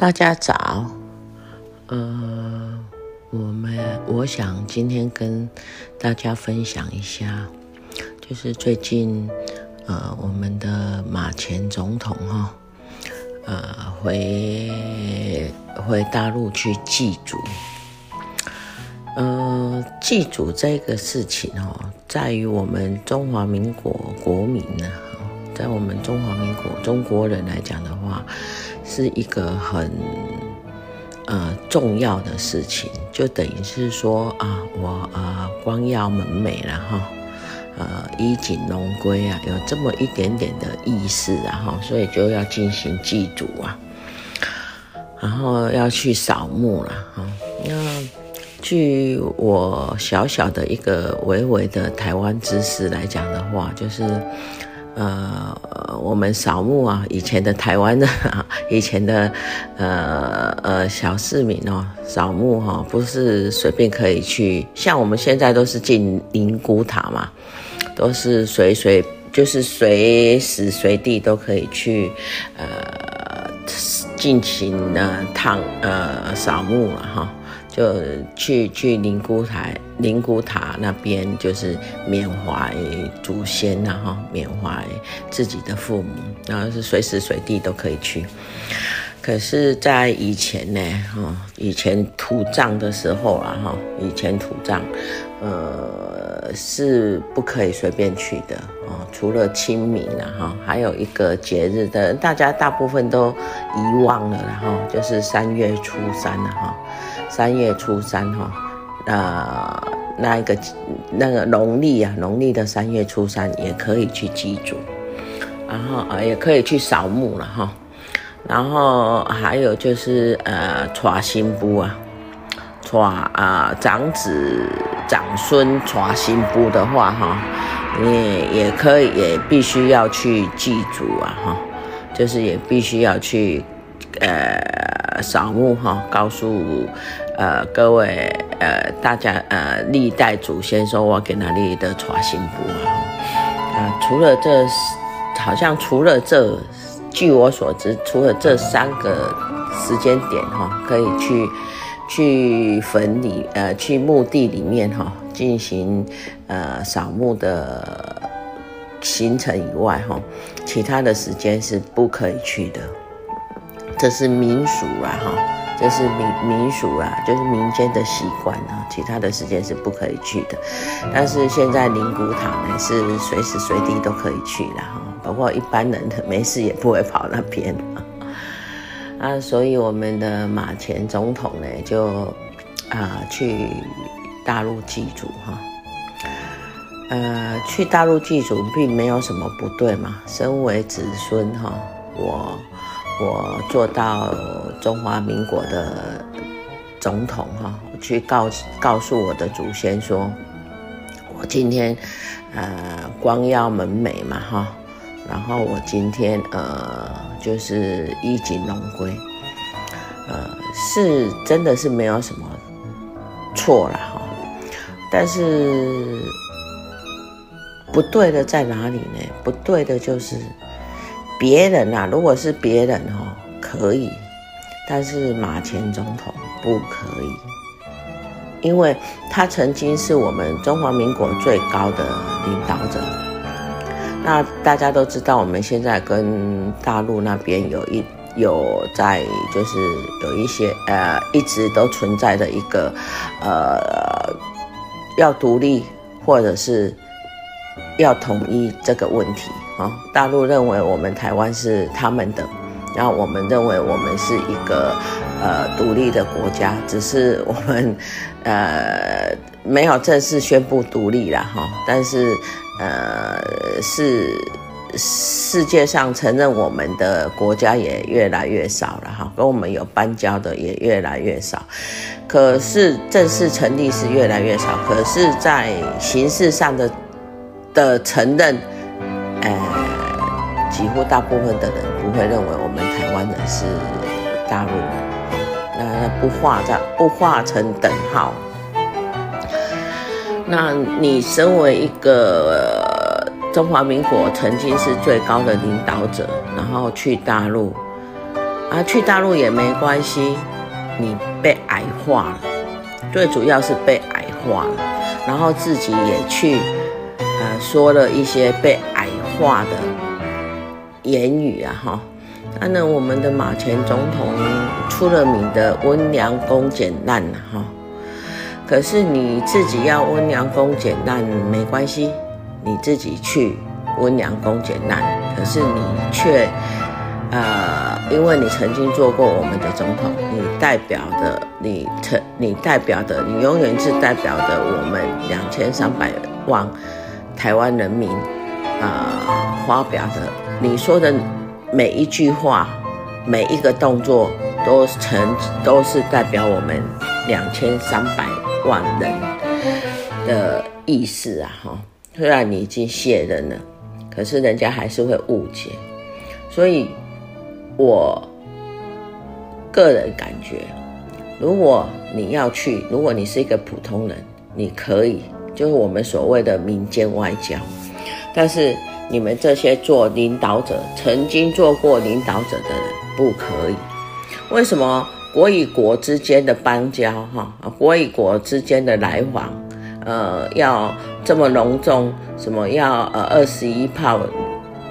大家早，呃，我們我想今天跟大家分享一下，就是最近，呃，我們的馬前總統哈、哦呃，回回大陸去祭祖，呃，祭祖這個事情哦，在於我們中華民國國民呢、啊，在我們中華民國中國人來講的話。是一個很呃重要的事情，就等於是說啊、呃，我光耀門楣然哈，呃衣錦榮歸啊，有這麼一點點的意思然哈，所以就要進行祭祖啊，然後要去掃墓了哈。那據我小小的一個微微的台灣知識來講的話，就是。呃，我們掃墓啊，以前的台灣的啊，以前的，呃呃，小市民哦，掃墓哈、哦，不是隨便可以去，像我們現在都是進靈骨塔嘛，都是隨隨，就是隨時隨地都可以去，呃，進行的燙呃掃墓了、啊、哈。就去去靈骨塔，靈骨塔那邊就是緬懷祖先然後、啊、哈，緬懷自己的父母，然後是隨時隨地都可以去。可是，在以前呢，哈，以前土葬的時候啊，哈，以前土葬，呃，是不可以隨便去的啊，除了清明了，哈，還有一個節日的，大家大部分都遺忘了，然後就是三月初三了、啊，哈。三月初三哈，呃，那一個那個農曆啊，農曆的三月初三也可以去祭祖，然後啊、呃、也可以去掃墓了哈，然後還有就是呃，娶新婦啊，娶啊、呃、長子長孫娶新婦的話哈，你也可以也必須要去祭祖啊哈，就是也必須要去呃。掃墓哈、哦，告訴呃各位呃大家呃歷代祖先，說我給哪裡的傳新服啊？啊、呃，除了這，好像除了這，據我所知，除了這三個時間點哈、哦，可以去去墳裡呃去墓地裡面哈、哦、進行呃掃墓的行程以外哈、哦，其他的時間是不可以去的。這是民俗啊，哈，這是民俗、啊就是，民，民俗啊，就是民間的習慣啊。其他的時間是不可以去的，但是現在靈骨塔呢是隨時隨地都可以去的哈。包括一般人沒事也不會跑那邊啊，啊所以我們的馬前總統呢就啊去大陸祭祖哈，呃，去大陸祭祖、啊呃，並沒有什麼不對嘛。身為子孫哈、啊，我。我做到中華民國的總統哈，我去告告訴我的祖先說，我今天呃光耀門楣嘛哈，然後我今天呃就是衣錦榮歸，呃是真的是沒有什麼錯了哈，但是不對的在哪裡呢？不對的就是。別人吶、啊，如果是別人哦，可以；但是馬前總統不可以，因為他曾經是我們中華民國最高的領導者。那大家都知道，我們現在跟大陸那邊有一有在，就是有一些呃，一直都存在的一個呃，要獨立或者是要統一這個問題。大陸認為我們台灣是他們的，然後我們認為我們是一個呃獨立的國家，只是我們呃沒有正式宣布獨立了哈，但是呃是世界上承認我們的國家也越來越少了哈，跟我們有邦交的也越來越少，可是正式成立是越來越少，可是在形式上的的承認。幾乎大部分的人不會認為我們台灣人是大陸人，那不畫在，不畫成等號。那你身為一個中華民國曾經是最高的領導者，然後去大陸啊，去大陸也沒關係，你被矮化了，最主要是被矮化了，然後自己也去呃、啊、說了一些被矮化的。言語啊，哈，當然我們的馬前總統出了名的溫良恭儉讓啊，哈，可是你自己要溫良恭儉讓沒關係，你自己去溫良恭儉讓，可是你卻，呃，因為你曾經做過我們的總統，你代表的，你曾，你代表的，你永遠是代表的我們兩千三百萬台灣人民，啊、呃，發表的。你說的每一句話，每一個動作，都成都是代表我們兩千三百萬人的意思啊！哈，雖然你已經卸任了，可是人家還是會誤解。所以，我個人感覺，如果你要去，如果你是一個普通人，你可以，就是我們所謂的民間外交，但是，你們這些做領導者，曾經做過領導者的人，不可以。為什麼國與國之間的邦交，哈，國與國之間的來往，呃，要這麼隆重？什麼要呃二十一炮，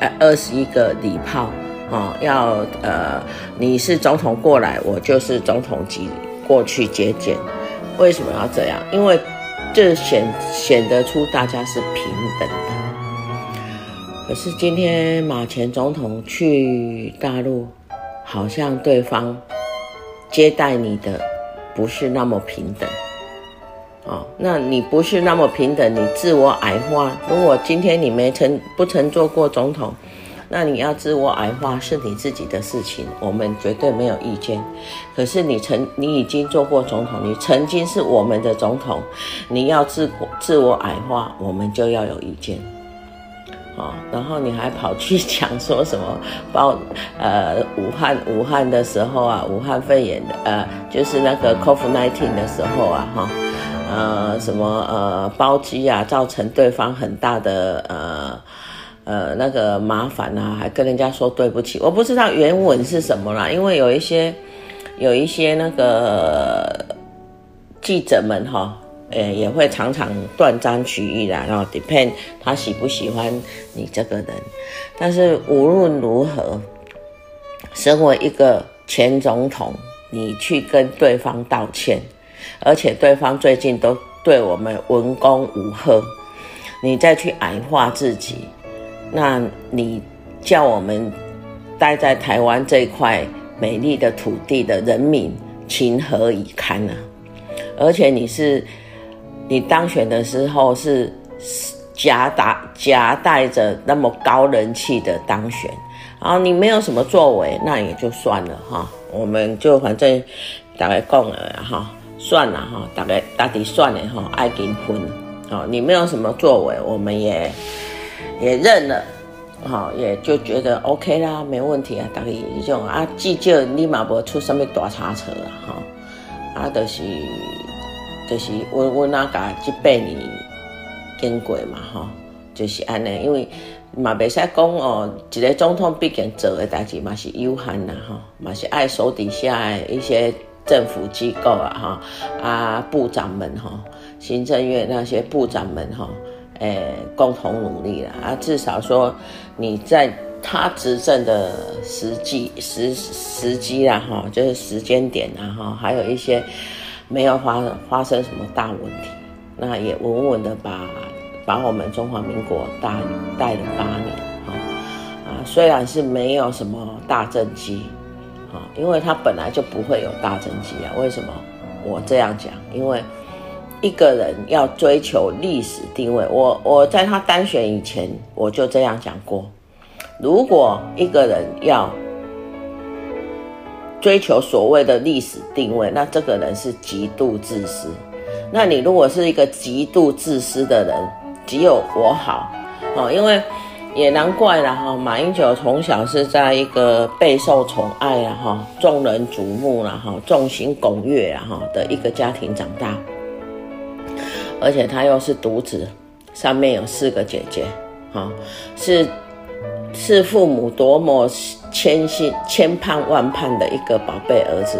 呃二十一個禮炮啊？要呃你是總統過來，我就是總統級過去接見。為什麼要這樣？因為這顯顯得出大家是平等。可是今天馬前總統去大陸，好像對方接待你的不是那麼平等哦。那你不是那麼平等，你自我矮化。如果今天你沒曾不曾做過總統，那你要自我矮化是你自己的事情，我們絕對沒有意見。可是你曾你已經做過總統，你曾經是我們的總統，你要自自我矮化，我們就要有意見。然後你還跑去講說什麼包，呃，武漢武漢的時候啊，武漢肺炎的，呃，就是那個 COVID-19 的時候啊，哈，呃，什麼呃包機啊，造成對方很大的呃呃那個麻煩啊，還跟人家說對不起，我不知道原文是什麼啦，因為有一些有一些那個記者們哈。呃，也會常常斷章取義啦，然後 depend 他喜不喜歡你這個人。但是無論如何，身為一個前總統，你去跟對方道歉，而且對方最近都對我們文攻武嚇。你再去矮化自己，那你叫我們待在台灣這塊美麗的土地的人民情何以堪呢、啊？而且你是。你當選的時候是夾帶夾帶着那麼高人氣的當選，然後你沒有什麼作為，那也就算了哈、哦。我們就反正大家講了哈、哦，算了哈、哦，大家到底算了哈，愛結婚你沒有什麼作為，我們也也認了，哈、哦，也就覺得 OK 啦，沒問題啊，大家也就啊，即就立馬不出什麼大差錯了哈，啊，就是。就是我我那個這百年經過嘛吼，就是安內，因為嘛未使講哦，一個總統畢竟做的代志嘛是有限吶哈，嘛是愛手底下一些政府機構啊哈，啊部長們哈、啊，行政院那些部長們哈、啊，誒、欸、共同努力啦、啊，啊至少說你在他執政的時機時時機啦哈，就是時間點啦、啊、哈、啊，還有一些。沒有發發生什麼大問題，那也穩穩的把把我們中華民國帶帶了八年、哦，啊，雖然是沒有什麼大政績，啊、哦，因為他本來就不會有大政績啊。為什麼我這樣講？因為一個人要追求歷史地位，我我在他當選以前我就這樣講過，如果一個人要。追求所謂的歷史定位，那這個人是極度自私。那你如果是一個極度自私的人，只有我好，哦，因為也難怪了哈。馬英九從小是在一個備受寵愛了哈，眾人矚目了哈，眾星拱月哈的一個家庭長大，而且他又是獨子，上面有四個姐姐，是是父母多麼。千信千盼萬盼的一個寶貝兒子，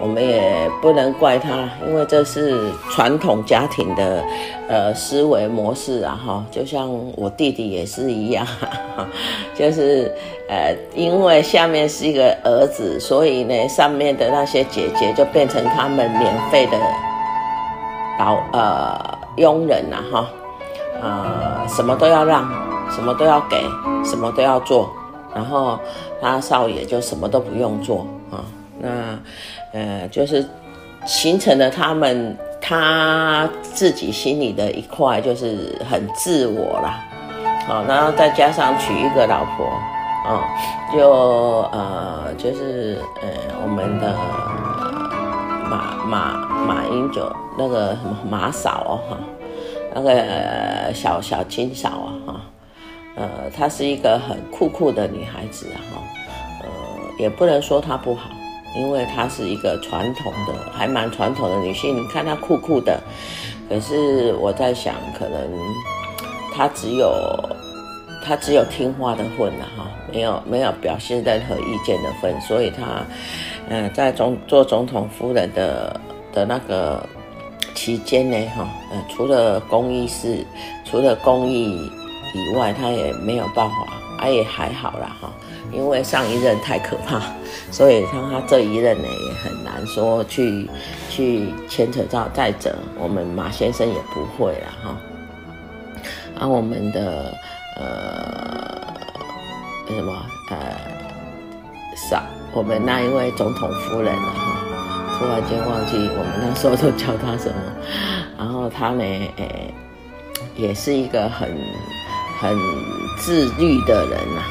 我們也不能怪他，因為這是傳統家庭的呃思維模式啊哈、哦！就像我弟弟也是一樣，哈哈就是呃，因為下面是一個兒子，所以呢，上面的那些姐姐就變成他們免費的老呃傭人了、啊、哈、哦，呃，什麼都要讓，什麼都要給，什麼都要做，然後。他少爺就什麼都不用做啊、哦，那呃就是形成了他們他自己心裡的一塊，就是很自我啦，好、哦，然後再加上娶一個老婆啊、哦，就呃就是呃我們的馬馬馬英九那個什麼馬嫂哈、哦，那個、呃、小小金嫂啊哈。哦呃，她是一個很酷酷的女孩子哈、啊，呃，也不能說她不好，因為她是一個傳統的，還蠻傳統的女性。你看她酷酷的，可是我在想，可能她只有她只有聽話的份了哈，沒有沒有表現任何意見的份。所以她，嗯、呃，在總做總統夫人的的那個期間呢哈，呃，除了公益事，除了公益。以外，他也沒有辦法，哎、啊，也還好啦哈。因為上一任太可怕，所以他他這一任呢也很難說去去牽扯到。再者，我們馬先生也不會了哈。啊，我們的呃什麼呃，上，我們那一位總統夫人了、啊、哈，突然間忘記我們那時候都叫她什麼。然後她呢，哎、欸，也是一個很。很自律的人啊，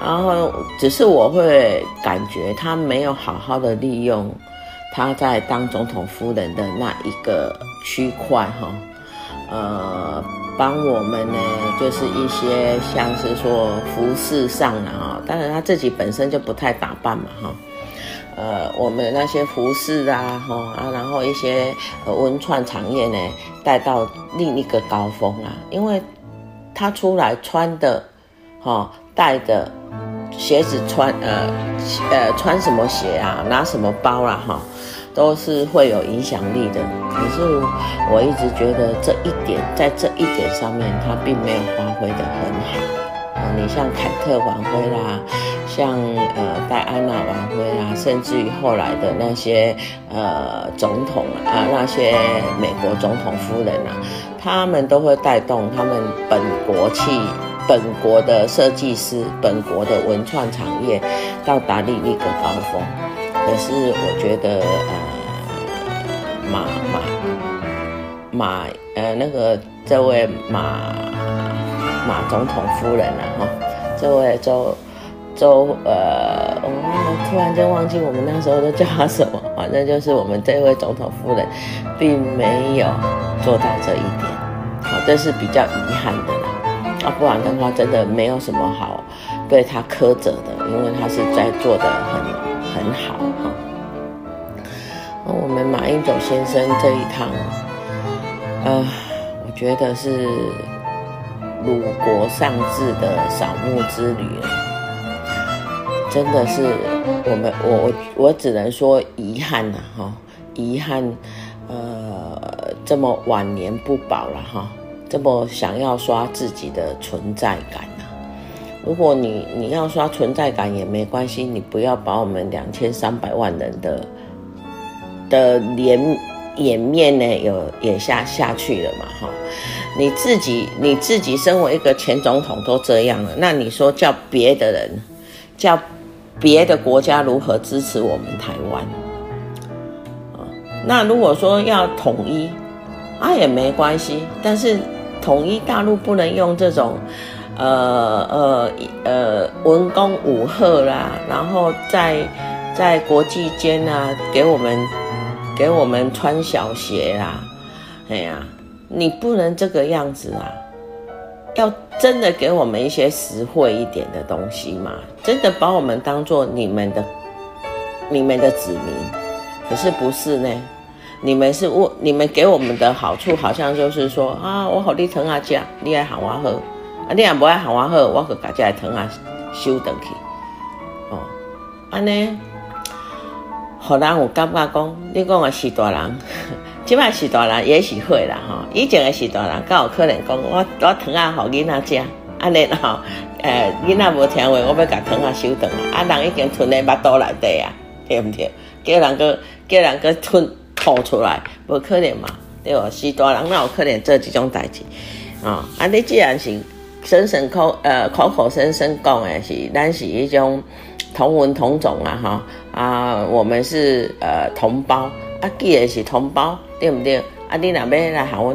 然後只是我會感覺他沒有好好的利用他在當總統夫人的那一個區塊哈、哦，呃，幫我們呢，就是一些像是說服飾上啊，哈，當然他自己本身就不太打扮嘛哈、啊，呃，我們那些服飾啊哈啊，然後一些文創產業呢，帶到另一個高峰啊，因為。他出來穿的，哈，戴的鞋子穿，呃，呃，穿什麼鞋啊？拿什麼包啊，哈，都是會有影響力的。可是我一直覺得這一點，在這一點上面，他並沒有發揮得很好。呃、你像凱特王妃啦，像呃戴安娜王妃啦，甚至於後來的那些呃總統啊，那些美國總統夫人吶、啊。他們都會帶動他們本國器，本國的設計師、本國的文創產業到達另一個高峰。可是我覺得，呃，馬馬馬，呃，那個這位馬馬總統夫人啊哈，這位周周，呃，我突然間忘記我們那時候都叫他什麼，反正就是我們這位總統夫人，並沒有做到這一點。這是比較遺憾的啦，啊，不然的話真的沒有什麼好對他苛責的，因為他是在做的很很好哈。那、哦啊、我們馬英九先生這一趟，呃，我覺得是魯國上至的掃墓之旅，真的是我們我我我只能說遺憾吶哈、哦，遺憾，呃，這麼晚年不保了哈。哦這麼想要刷自己的存在感呢、啊？如果你你要刷存在感也沒關係，你不要把我們兩千三百萬人的的臉顏面呢有掩下下去了嘛？哈，你自己你自己身為一個前總統都這樣了，那你說叫別的人叫別的國家如何支持我們台灣？那如果說要統一，那、啊、也沒關係，但是。統一大陸不能用這種，呃呃呃文攻武嚇啦，然後在在國際間啊給我們給我們穿小鞋啦啊，哎呀，你不能這個樣子啊，要真的給我們一些實惠一點的東西嘛，真的把我們當做你們的你們的子民，可是不是呢？你們是我，你們給我們的好處好像就是說啊，我予你糖仔食，你愛予我好，啊你啊無愛予我好，我克把阿姐糖仔收倒去。哦，安尼互人有感覺講，你講的是大人，即擺是大人也是會啦吼、哦，以前的是大人，較有可能講我我糖仔予囡仔食，安、啊、尼。吼、哦，誒囡仔無聽話，我要把糖仔收倒來。啊，人已經吞在腹肚內底啊，對唔對？叫人個叫人個吞。吐出來，無可能嘛，對吧？是大人那有可能做這種代志啊？啊，你既然是聲聲口呃口口聲聲講誒，是咱是一種同文同種啊哈、哦、啊，我們是呃同胞啊，既然是同胞，對不對？啊，你若要來喊我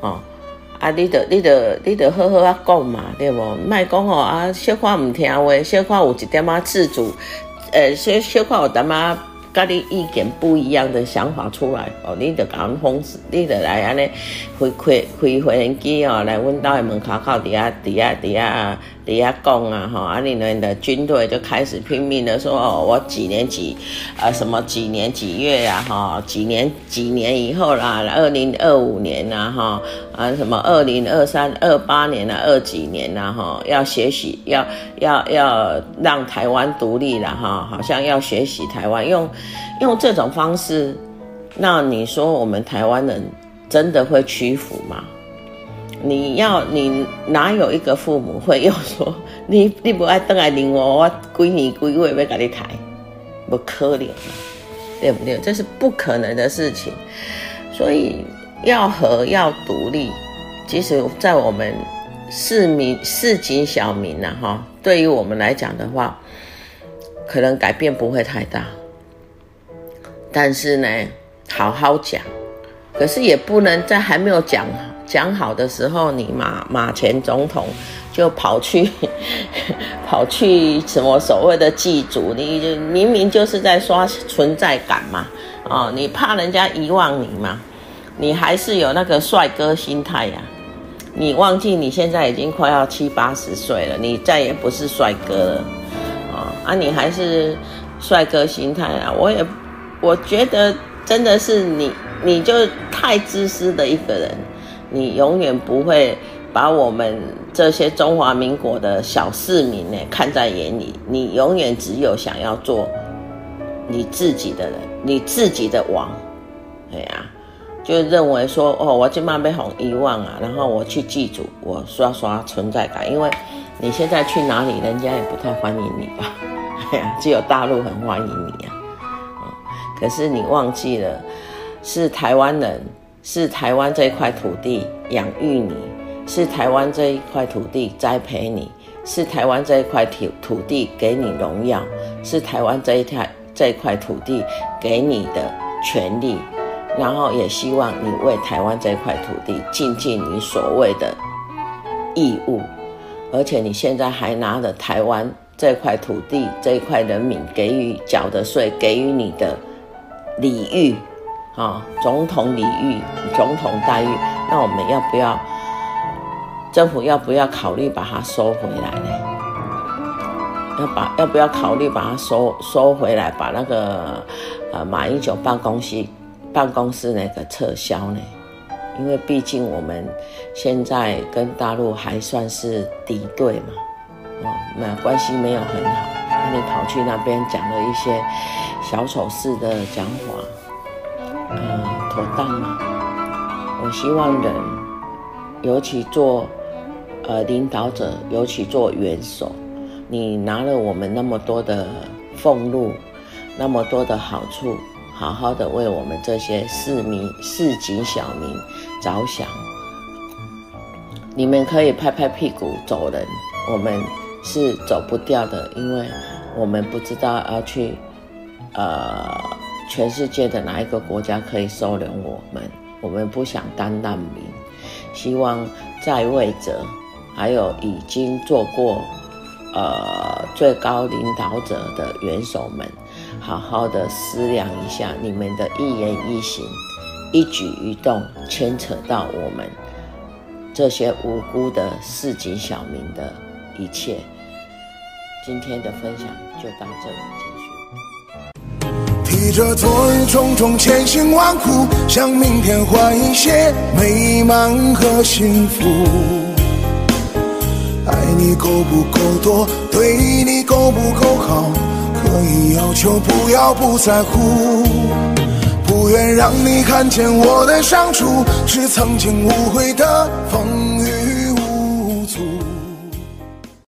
好，哦，啊你，你的你的你得好好啊講嘛，對不？賣講哦啊，小誇不聽誒，小誇有一點啊自主，呃、欸，小小誇有點甲你意見不一樣的想法出來，哦，你就甲阮放，你就來安尼開開開飛機哦，來阮兜門口靠底啊底啊底啊。李下供啊哈，啊你們的軍隊就開始拼命的說哦，我幾年幾啊什麼幾年幾月呀、啊、哈，幾年幾年以後啦，二零二五年啦、啊、哈，啊什麼二零二三二八年啦、啊，二幾年啦、啊、哈，要學習要要要讓台灣獨立了哈，好像要學習台灣用用這種方式，那你說我們台灣人真的會屈服嗎？你要你哪有一個父母會又說你你不愛鄧愛玲我我歸你歸我，要跟你談，不可憐，對不對？這是不可能的事情。所以要和要獨立，其實在我們市民市井小民啊，哈，對於我們來講的話，可能改變不會太大。但是呢，好好講，可是也不能在還沒有講好講好的時候，你馬馬前總統就跑去跑去什麼所謂的祭祖，你就明明就是在刷存在感嘛，啊、哦，你怕人家遺忘你嘛，你還是有那個帥哥心態呀、啊？你忘記你現在已經快要七八十歲了，你再也不是帥哥了，哦、啊，你還是帥哥心態啊？我也我覺得真的是你，你就太自私的一個人。你永遠不會把我們這些中華民國的小市民呢，看在眼裡。你永遠只有想要做你自己的人，你自己的王，對呀、啊，就認為說哦，我就慢被紅遺忘啊，然後我去祭祖，我刷刷存在感，因為你現在去哪裡，人家也不太歡迎你吧？哎呀、啊，只有大陸很歡迎你呀、啊，啊、嗯，可是你忘記了，是台灣人。是台灣這一塊土地養育你，是台灣這一塊土地栽培你，是台灣這一塊土土地給你榮耀，是台灣這一塊這一塊土地給你的權利，然後也希望你為台灣這一塊土地盡盡你所謂的義務，而且你現在還拿着台灣這一塊土地這一塊人民給予繳的稅給予你的禮遇。啊、哦，總統禮遇、總統待遇，那我們要不要政府要不要考慮把它收回來呢？要把要不要考慮把它收收回來，把那個、呃、馬英九辦公室辦公室那個撤銷呢？因為畢竟我們現在跟大陸還算是敵對嘛，那、嗯、關係沒有很好，那你跑去那邊講了一些小丑式的講話。呃，妥當嗎？我希望人，尤其做，呃，領導者，尤其做元首，你拿了我們那麼多的俸祿，那麼多的好處，好好的為我們這些市民、市井小民着想。你們可以拍拍屁股走人，我們是走不掉的，因為我們不知道要去，呃。全世界的哪一個國家可以收留我們？我們不想當難民。希望在位者還有已經做過呃，最高領導者的元首們，好好的思量一下，你們的一言一行、一舉一動，牽扯到我們這些無辜的市井小民的一切。今天的分享就到這裡。記着昨日種種千辛萬苦，向明天換一些美滿和幸福。愛你夠不夠多？對你夠不夠好？可以要求不要不在乎，不願讓你看見我的傷處，是曾經無悔的風。